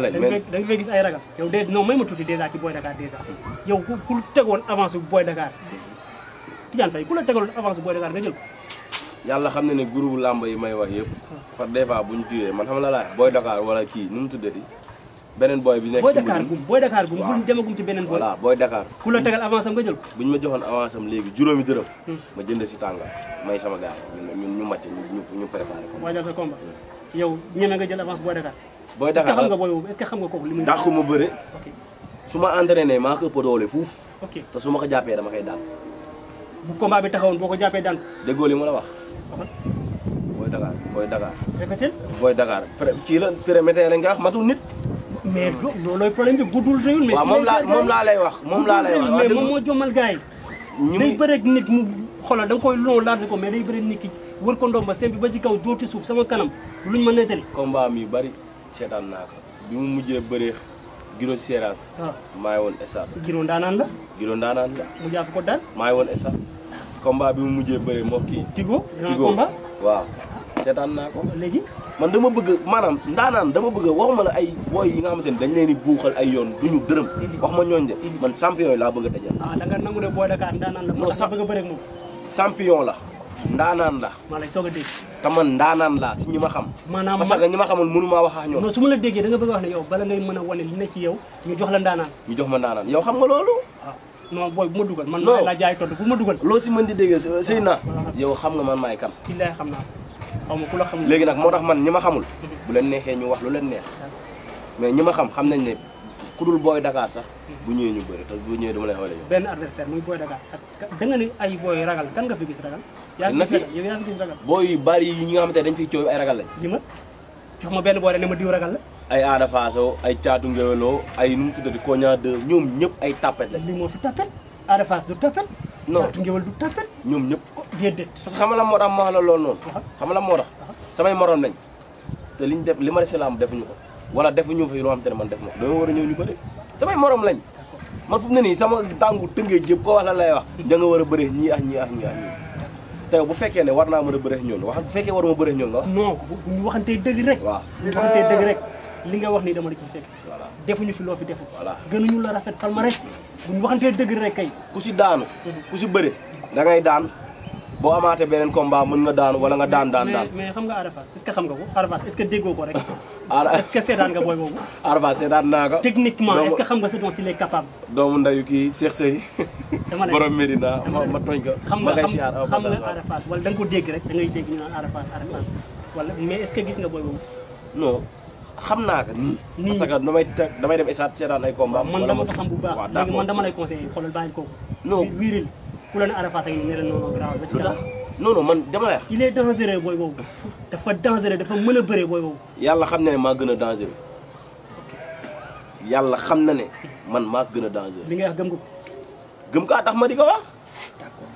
da ma tuuti dèjà ku ku tegoon la tegaloon avance ne ne groupe làmb yi may wax yëpp par des bu ñu jiyee man xam la laa Boy Dakar wala kii nu mu tuddati beneen booy bi nekk si Mbodj gum Boy Dakar gum buñ demagum ci beneen booy voilà Boy Dakar ku la tegal avance am nga jël ko bu ñu ma joxoon avance am léegi juróomi dërëm hmm. ma jënd si tàngal may sama gars yi ñu màcc ñu préparé ko waajal sa nga jël avance Boy Dakar booy Dakar xam nga booy boobu est-ce que xam nga kooku li muy. dàqu ma bëre. su ma entraîné maa ko ëpp doole fuuf. ok te su ma ko jàppee dama koy daan. bu combat bi taxawoon boo ko jàppee daan. déggoo li ma la wax. booy Dakar booy Dakar. répété. booy Dakar kii la périmètre lañ koy wax matul nit. mais loolooy problème bi guddul réewul. mais moom laa moom laa lay wax moom laa lay wax. mais moom moo jommal gars yi. ñu day bëre nit mu xoolal da nga koy long large ko mais day bëre nit ki wër ko ba sempi ba ci kaw dooti suuf sama kanam luñ ma nettali. combat mi yu bari. seetaan naa ko bi mu mujjee bëree Giro Seras. Ah. maay maa ngi woon Essa. Giro ndaanaan la. Giro ndaanaan la. mu jàpp ko daan. maa ngi woon bi mu mujjee bëree moo kii. Tigo Tigo waaw. seetaan naa ko. léegi. man dama bëgg maanaam ndaanaan dama bëgg waxuma la ay booy yi nga xamante ni dañ leen di buuxal ay yoon ñu dërëm. wax ma ñooñ de man champion yi laa bëgg a dajal. ah da nga nangu ne booy la. non sa a bëri la. ndaanaan la maa lay soog a dégg te man ndaanaan la si ñi ma xam maanaam parce que ñi ma xamoon mënu wax a ñoo non su ma la déggee da nga bëgg a wax ne yow bala a wane li ne ci yow ñu jox la ndaanaan ñu jox ma ndaanaan yow xam nga loolu ah, ma dugal man maa la jaay tontu ma dugal loo si mën di déggee sëy naa ah, ah. yow xam nga man maay kan billaay xam naa xaw ma ku la xamul léegi nag moo tax man ñi ma xamul bu leen neexee ñu wax lu leen neex mais ñi ma xam xam nañ ne ku dul booy Dakar sax hmm. bu ñëwee ñu bëri te bu ñëwee dama lay xoolee benn adversaire muy booy Dakar da nga ni ay booy ragal kan nga fi gis ragal boy, fi bari yi nga xamante ne dañ fiy coow ay ragal lañ li ma ma benn ne ma diw ragal la ay Ada Fasso ay Thiatou Nguéwélo ay nu mu tuddati Kogna 2 ñoom ñëpp ay tapet lañ li fi tapet Ada Fass du tapet non Thiatou Nguéwélo du tapet ñoom ñëpp déedéet parce xam la moo tax ma la loolu noonu xam la moo tax samay morom lañ te liñ def li ma def lamb defuñu ko wala defuñu fi loo xamante man def ma ko dañoo ñu bëri samay morom lañ man fu ne nii sama tàngu tëngee jëpp ko wax lay wax da nga ah ah ah tey bu fekkee ne war naa mën a bëre ñooñu wax bu fekkee waruma bëre ñooñu nga wax. non bu ñu waxantee dëgg rek. waaw bu ñu waxantee dëgg rek li nga wax nii dama la ciy fekk. voilà ñu fi loo fi defu. gën voilà gënuñu la rafet palmarès bu ñu waxantee dëgg rek kay. ku si daanu. ku si bëre da ngay daan boo amaatee beneen combat mën nga daan wala nga daan daan daan. mais mais xam nga Ada Fass est-ce que xam nga ko Ada Fass est-ce que déggoo ko rek. est-ce que seetaan nga booy boobu. Ada Fass seetaan naa ko. techniquement est-ce que xam nga ce dont il est capable. doomu ndayu kii Cheikh Seye. dama borom Medina ma ma tooñ ko. ma ngay siyaar xam nga xam nga Ada Fass wala da nga ko dégg rek da ngay dégg ñu naan Ada Fass Ada Fass wala mais est-ce que gis nga booy boobu. non xam naa ko nii. nii parce que damay damay dem esaat seetaan ay combat. wala man dama ko xam bu baax léegi man dama lay conseiller xoolal bàyyi kooku. non wiiril ku leen arafat ak ne leen noonu grave ba ci kanam non non man dama la il est dangereux eh, booy boobu dafa dangereux eh, dafa mën a bëree booy boobu yàlla xam na ne maa gën a dangereux yàlla xam na ne man maa gën dangereux li nga wax gëm ko gëm kaa tax ma di ko wax d'accord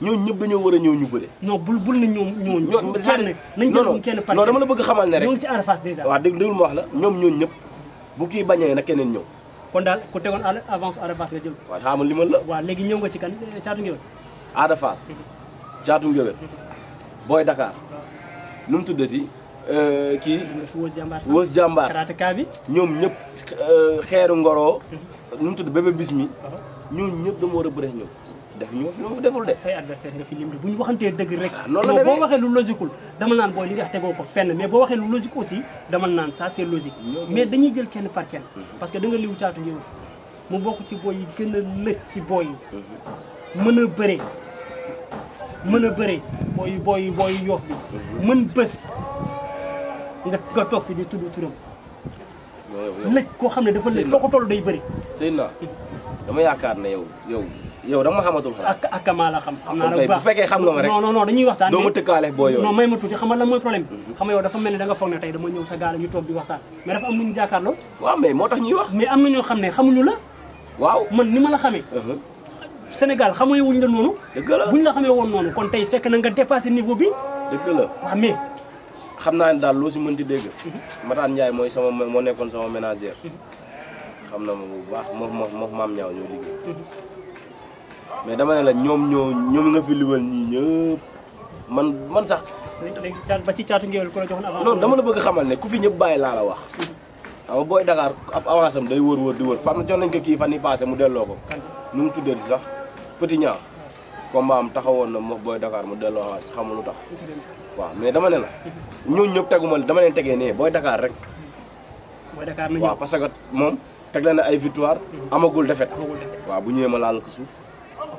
ñooñu dañoo war a ñu bëre non bul bul na ñoom ñooñu ñoom nañ non kenn par non dama la bëgg xamal ne rek ñoo ngi ci arafat déjà waaw dégg déglu ma wax la ñoom ñooñu ñëpp bu kii bañee na keneen ñëw kon daal ku tegoon avance Ada Fass nga jël waaw xaaral ma limal la léegi ñëw nga ci kan caatu ngéwél Ada Fass caatu ngéwél booy Dakar nu mu tuddati euh, kii wës jàmbaar karateka bi ñoom ñëpp euh, xeeru ngoroo mhm. nu mu tudd bébé bis mi uh-huh. ñoom ñëpp dama war a bëre ñoom def ñu fi lu mu deful de. say adversaire nga fi lim bu ñu waxantee dëgg rek. Ah, loolu la boo waxee lu logiqueul dama naan booy li nga tegoo ko fenn mais boo waxee lu logique aussi dama naan ça c'est logique. mais dañuy jël kenn par kenn. parce que da nga liw caatu ñëw mu bokk ci booy yi gën a lëkk ci booy yi. mën a bëree mën a bëree booy yu booy yu booy yu yoof bi. mën bës nga nga toog fi di tudd turam. lëkk koo xam ne dafa lëkk foo ko toll day bëri. Seydina hmm. dama yaakaar ne yow yow. yow dama nga ma xamatul xanaa ak la xam xam naa la bu fekkee xam nga ma rek non non non dañuy waxtaan doo ma tëkkaale boo yooyu non may ma tuuti xam nga mm-hmm. xam ne da nga foog ne tey dama ñëw sa gaal ñu toog di waxtaan moo tax na ñoo xam la man ni uh-huh. la noonu dëgg la buñ la xamee woon noonu kon tey fekk na nga dépassé niveau bi xam naa ne daal loo si mën di dégg mm-hmm. Mataan Ndiaye mooy sama moo nekkoon sama ménagère mm-hmm. xam na ma bu baax moo moo moo maam ñaaw ñoo liggéey mais dama ne la ñoom ñoo ñoom nga fi liwal ñii man man sax. ba ci caatu ngéwél ku la joxoon avance. dama la bëgg xamal ne ku ñëpp bàyyi laa la wax. xam nga booy Dakar ab day wër-wër di wër fan nañ ko kii fan yi passé mu delloo ko. nu mu tuddee si sax petit ñaa. combat am taxawoon na moom booy Dakar mu delloo avance xamul lu tax. waaw mais dama ne la. ñooñu ñëpp dama leen tegee nee booy dakaar rek. booy Dakar la ñëw waaw parce que moom teg na ne ay victoire. Mm-hmm. amagul défaite. amagul défaite waaw bu ñëwee ma laal ko suuf.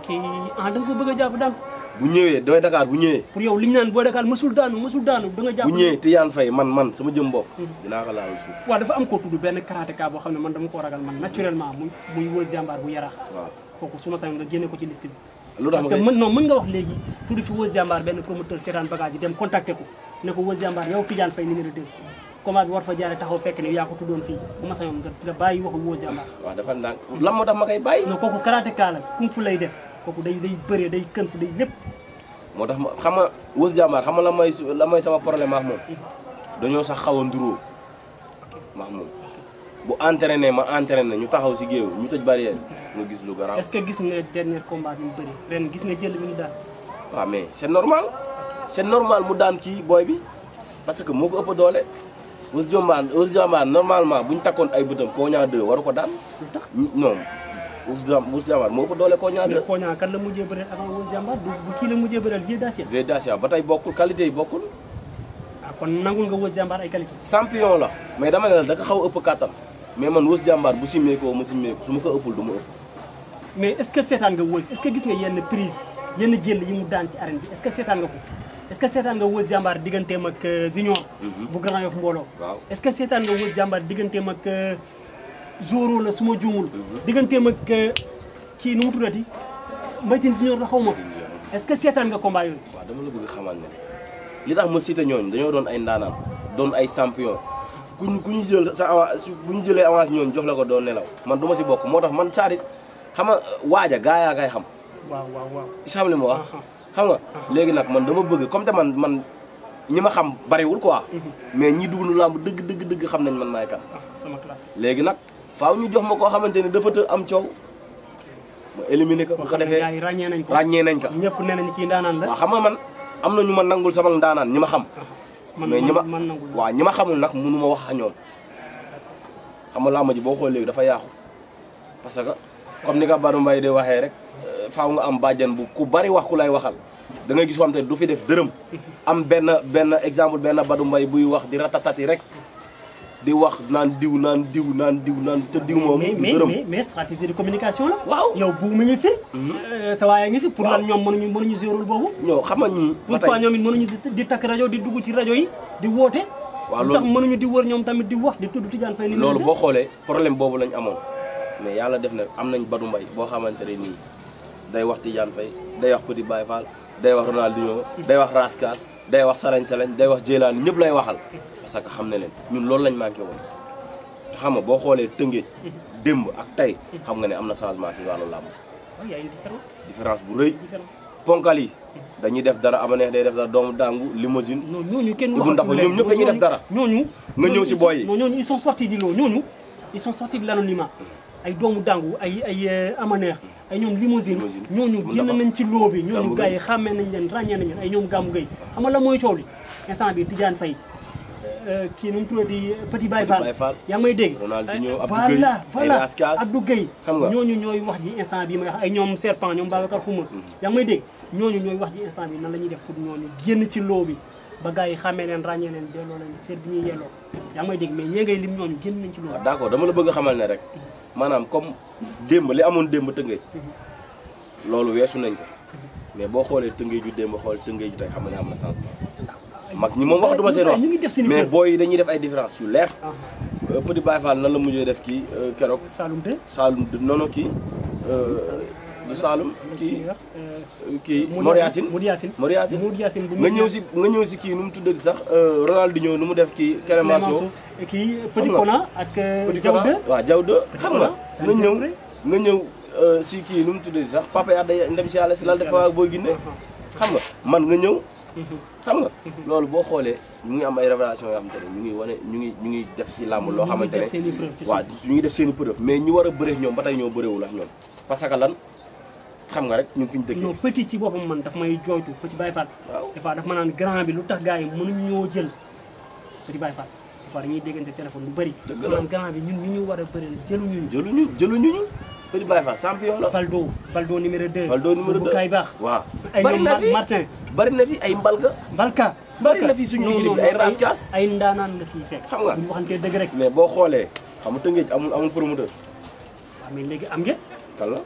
kii ah da nga ko a bu ñëwee dooy Dakar bu ñëwee pour yow li ñu naan booy Dakar mësul daanu mësul daanu da nga jàpp bu ñëwee Tidiane Faye man man sama jëm bopp hmm. dinaa ko laal dafa boo xam ne man dama koo ragal man naturellement muy muy wës jàmbaar bu yaraax waaw kooku su ma sañ nga génne ko ci liste bi lu tax parce que mën non wax léegi tudd fi wës jàmbaar benn promoteur seetaan bagage yi dem contacté ko ne ko wës jàmbaar yow war fa jaare taxaw fekk ne yaa ko tuddoon fii bu ma sañoon nga bàyyi waxu wës jàmbaar waaw dafa ndànk lan moo tax ma koy bàyyi non kooku karatéka la kung fu lay def kooku day day bëree day kënf day lépp. moo tax ma xam nga Weuz Diambar xam nga la may la may sama problème moom mm-hmm. dañoo sax xaw a nduróo max moom bu entraîné ma entraîné ñu taxaw si géew ñu tëj barrière nga gis lu garaaw. est que gis nga dernier combat bi mu gis nga jël mi ñu daan. waaw mais c'est normal c'est normal mu daan kii booy bi parce que moo ko ëpp doole Weuz Diambar Weuz Diambar normalement bu ñu takkoon ay bëtam koo ñaa war waru ko daan. lu Ouz Ouz Jambar moo ëpp doole Koña de. mais Koña kan la mujjee bëreel avant Ouz Jambar du kii la mujjee bëreel Vieux Dacia. Ah, nga Ouz Jambar ay qualité. la mais dama ne la nga xaw a ëpp kàttan mais man Ouz Jambar bu simmee ko ma simmee ko su ma ko ëppul du ma ëpp. mais est ce que seetaan nga Ouz est ce que gis nga yenn prise yenn jël yi mu daan ci arène bi seetaan nga ko. est seetaan nga Ouz Jambar digganteem ak euh, Junior. Mhm. bu Grand Yoff mbooloo. waaw est seetaan nga Ouz Jambar digganteem euh, zoro la su ma juumul. Mhm. digganteem ak euh, kii nu mu tuddati mbaytin si ñor la xaw ma est-ce que seetaan nga combat yooyu. waaw dama la bëgg xamal ne li tax ma cité ñooñu dañoo doon ay ndaanaan doon ay champion ku ñu ku jël sa avance bu ñu jëlee avance ñooñu jox la ko doon nelaw man du si bokk moo tax man saarit xam nga waaja gaa yaa kay xam. waaw waaw waaw xam li ma wax. xam nga léegi nag man dama bëgg comme te man man ñi ma xam bariwul ko quoi. Mhm. mais ñi dugg nu làmb dëgg dëgg dëgg xam nañ man maay kan. Ah, sama classe léegi nag. faaw ñu jox mako xamanteni dafa te am ciow mu éliminer ko ko defé ragné nañ ko ñepp nenañ ci ñëpp la xam nga man am na ñu ma nangul sama ndaanaan ñima xam mais ñima ma ñima xamul nak mënu ma wax ak ñoom xam nga làmb ji boo xoolee léegi dafa yaaxu parce que comme ni ka baru mbay de waxee rek euh, faaw nga am bàjjan bu ku bari wax ku lay waxal da ngay gis xam du fi def deureum am ben ben exemple ben badu mbay buy wax di ratatati rek di wax naan diw naan diw naan diw naan te diw moom. du dërëm mais mais stratégie de communication la. waaw yow bu mu ngi fi. Mhm. Euh, sa waay ngi fi pour lan ñoom mënuñu mënuñu jouer rôle boobu. ñoo xam nga ñii. ba tey pourquoi ñoom it mënuñu di takk rajo di dugg ci rajo yi di woote. waaw loolu mënuñu di wër ñoom tamit di wax di tudd Tidiane Faye. loolu boo xoolee problème boobu lañ amoon mais yàlla def na am nañ Badou mbay boo xamante ne nii day wax Tidiane Faye day wax Petit Baye Fall day wax Ronaldinho day wax Raskas day wax Salañ Salañ day wax Jëlaan ñëpp lay waxal parce que xam ne leen ñun loolu lañ manqué woon te xam nga boo xoolee tëngéej démb ak tey xam nga ne am na changement si wàllu làmb oh, différence bu rëy ponkal yi dañuy def dara ama neex day def dara doomu dàngu limousine ñooñu kenn waxatu ndax ñoom ñëpp dañuy def dara ñooñu nga ñëw si booy yi ñooñu ils sont sortis di loolu ñooñu ils sont la de l'anonymat ay doomu dàngu ay ay euh, amaneex ay ñoom limousine ñooñu génn nañ ci loo bi ñooñu gars yi xàmmee nañ leen ràññee nañu ay ñoom gàmmu gay xam nga la mooy coow li instant bi Tidiane fay euh, kii nu mu tuddati Petit Baye Fall yaa ngi may dégg voilà voilà Abdou Gueye ñooñu ñooy wax ji instant bi may wax ay ñoom serpent ñoom Babacar Xuma mm-hmm. yaa ngi may dégg ñooñu ñooy wax ji instant bi nan la ñuy def pour ñooñu génn ci loo bi ba gars yi xamee leen ràññee leen delloo leen cër bi ñuy yelloo yaa may dégg mais ñee génn nañ ci loolu. Ah, d'accord dama la bëgg xamal ne rek maanaam comme démb li amoon démb tëngéej loolu weesu nañ ko mais boo xoolee tëngéej ju démb xool tëngéej ju tey xam nga ne am na changement mag ñi moom wax duma seen wax mais booy yi dañuy def ay différence yu leer ah. euh, Petit Baye Fall nan la mujjee def kii euh, keroog Saloum 2 Saloum non non kii euh, du Saalum kii kii euh, euh, Mor Yacine Mor Yacine Mor nga ñëw si nga ñëw si kii nu mu tuddati sax euh, Ronaldinho nu mu def kii Clémenceau kii Petit Kona ak Diawde waaw Diawde xam nga nga ñëw nga ñëw si kii nu mu tuddati sax Papa Yade ndem si yàlla si lal dafa booy ginne xam nga man nga ñëw xam nga loolu boo xoolee ñu ngi am ay révélation yoo xamante ne ñu ngi wane ñu ngi ñu ngi def si làmb loo xamante ne waaw ñu ngi def seen i preuve mais ñu war a bëre ñoom ba tey ñoo bërewul ak ñoom parce que lan xam nga rek ñun fi ñu dëkkee non petit ci boppam man daf may jooytu petit Baye Fall des fois daf ma naan grand bi lu tax gars yi mënuñ ñoo jël petit Baye Fall des fois dañuy déggante téléphone lu bëri maanaam grand bi ñun ñu ñu war a bëri jëluñu jëluñu jëluñu ñu petit Baye Fall champion la Valdo Valdo numéro 2 Valdo numéro 2 bu kaay baax waaw ay ñoom Martin bëri na fi ay mbalka mbalka bëri na fi suñu liggéey bi ay raskas ay ndaanaan nga fi fekk xam nga bu ñu waxantee dëgg rek mais boo xoolee xam nga Tëngéej amul amul promoteur waaw mais léegi am ngeen kan la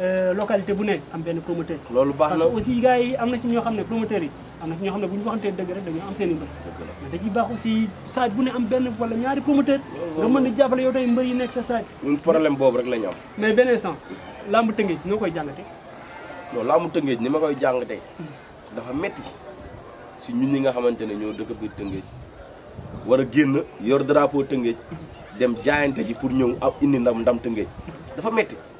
Euh, localité bu ne am benn promoteur. loolu baax na parce que aussi gars yi am na ci ñoo xam ne promoteurs yi am na ci ñoo xam ne bu ñu waxantee dëgg rek dañoo am seen i mbër. mais da ciy baax aussi saaj bu ne am benn wala ñaari promoteur nga mën a jàppale yow tey mbër yi nekk sa saaj. ñun problème boobu rek la ñu am. mais beneen sens làmb tëngéej noo koy jàngate. non làmb tëngéej ni ma koy jàngatee. dafa metti si ñun ñi nga xamante ne ñoo dëkk biir tëngéej war a génn yor drapeau tëngéej dem jaayante ji pour ñëw am indi ndam ndam tëngéej dafa metti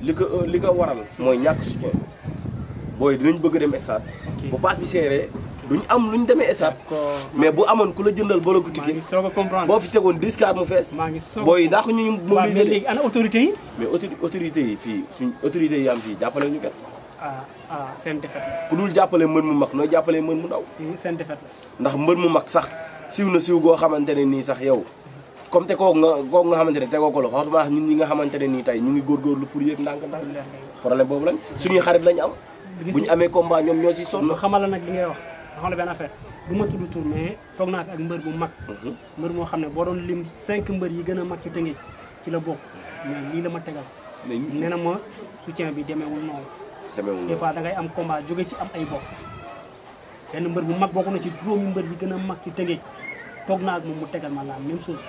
li ko li ko waral mooy ñàkk soutien booy dinañ bëgg dem stade bu paas bi seeree duñ am ñu demee stade mais bu amoon ku la jëndal bolo ko ticket boo fi tegoon 10 kaar mu fees booy daa ko ñu mobiliser léegi ana autorité yi mais autorité yi fii suñ autorité yi am fii ñu kat ah, ah seen defet la ku dul jàppale mën mu mag nooy jàppalee mën mu ndaw seen defet ndax mën mu mag sax siw na siw goo xamante ne nii sax yow comme te kooku nga kooku nga xamante ne tegoo ko loxo xawtuma ñun ñi nga xamante ne nii tey ñu ngi góorgóorlu pour yéeg ndànk ndànk problème boobu lañ suñuy xarit lañ am bu ñu amee combat ñoom ñoo si sonn xamal la nag li ngay wax xamal la benn affaire du ma tudd tur mais toog naa fi ak mbër bu mag mhm. mbër moo xam ne boo doon lim cinq mbër yi gën a mag ci tëngeej ci la bokk mais lii la ma tegal nee na ma soutien bi demeewul noonu demeewul des fois da ngay am combat jóge ci am ay bokk benn mbër bu mag bokk na ci juróomi mbër yi gën a mag ci tëngeej toog naa ak moom mu tegal ma la même chose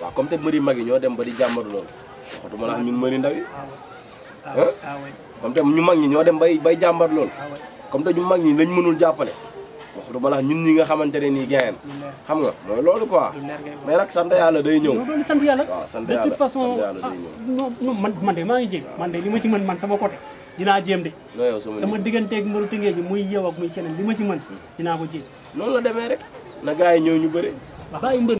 wa comme te mbëri magi yi ñoo dem ba di jàmbar loolu waxatuma la ñun meuri ndaw yi ah, ah, comme te ñu magi ñi ñoo dem bay bay jamar malah comme te ñu magi ñi lañ mënul jàppale waxatuma la ñun ñi nga xamantene ni nii gayen xam nga moy loolu quoi mais nag sante yalla day ñew loolu sante yalla de toute façon ah, man man de maa ngi man de li ma ci mën man sama côté dina jëm de sama ak mbaru tingé ji muy yew ak muy kenen li ma ci mën hmm. dina ko jéem loolu la démé rek na gaay yi ñu bëri bàyyi